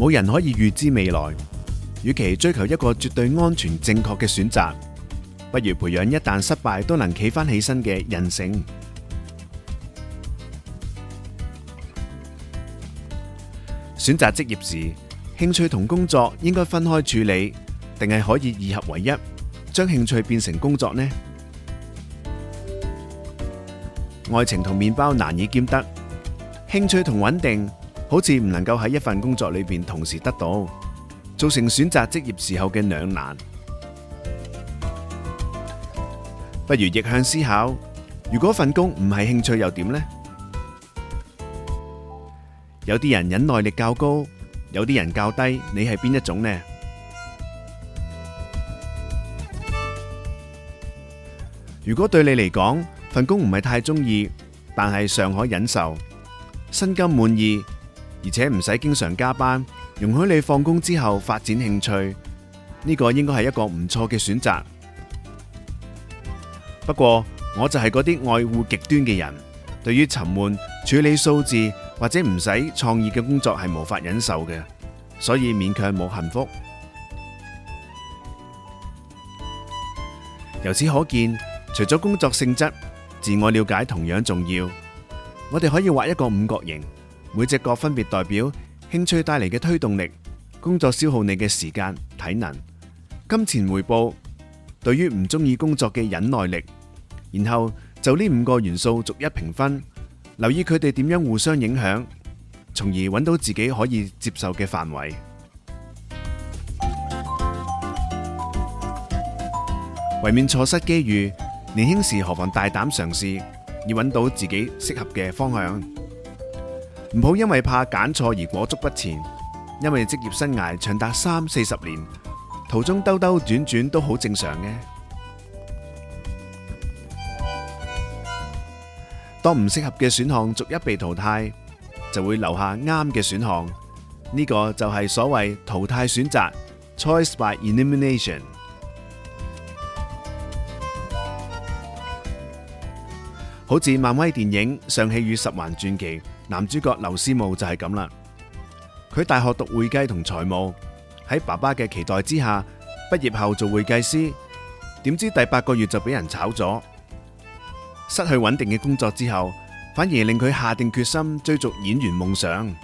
冇人可以預知未來，與其追求一個絕對安全正確嘅選擇，不如培養一旦失敗都能企翻起身嘅韌性。選擇職業時，興趣同工作應該分開處理，定係可以二合為一，將興趣變成工作呢？愛情同麵包難以兼得，興趣同穩定。好似唔能夠喺一份工作裏邊同時得到，造成選擇職業時候嘅兩難。不如逆向思考，如果份工唔係興趣又點呢？有啲人忍耐力較高，有啲人較低。你係邊一種呢？如果對你嚟講份工唔係太中意，但係尚可忍受，薪金滿意，而且唔使經常加班，容許你放工之後發展興趣，呢個應該係一個唔錯嘅選擇。不過我就係嗰啲愛惡極端嘅人，對於沉悶、處理數字或者唔使創意嘅工作係無法忍受嘅，所以勉強冇幸福。由此可見，除咗工作性質，自我了解同樣重要。我哋可以畫一個五角形。每隻角分別代表興趣帶嚟嘅推動力、工作消耗你嘅時間、體能、金錢回報，對於唔鍾意工作嘅忍耐力。然後就呢五個元素逐一評分，留意佢哋點樣互相影響，從而揾到自己可以接受嘅範圍。為免錯失機遇，年輕時何妨大膽嘗試，以揾到自己適合嘅方向。唔好因為怕揀錯而裹足不前，因為職業生涯長達三四十年，途中兜兜轉轉都好正常嘅。當唔適合嘅選項逐一被淘汰，就會留下啱嘅選項，呢個就係所謂淘汰選擇 （choice by elimination）。好似漫威電影《尚氣與十環傳奇》，男主角劉思慕就係咁啦。佢大學讀會計同財務，喺爸爸嘅期待之下，畢業後做會計師。點知第八個月就俾人炒咗，失去穩定嘅工作之後，反而令佢下定決心追逐演員夢想。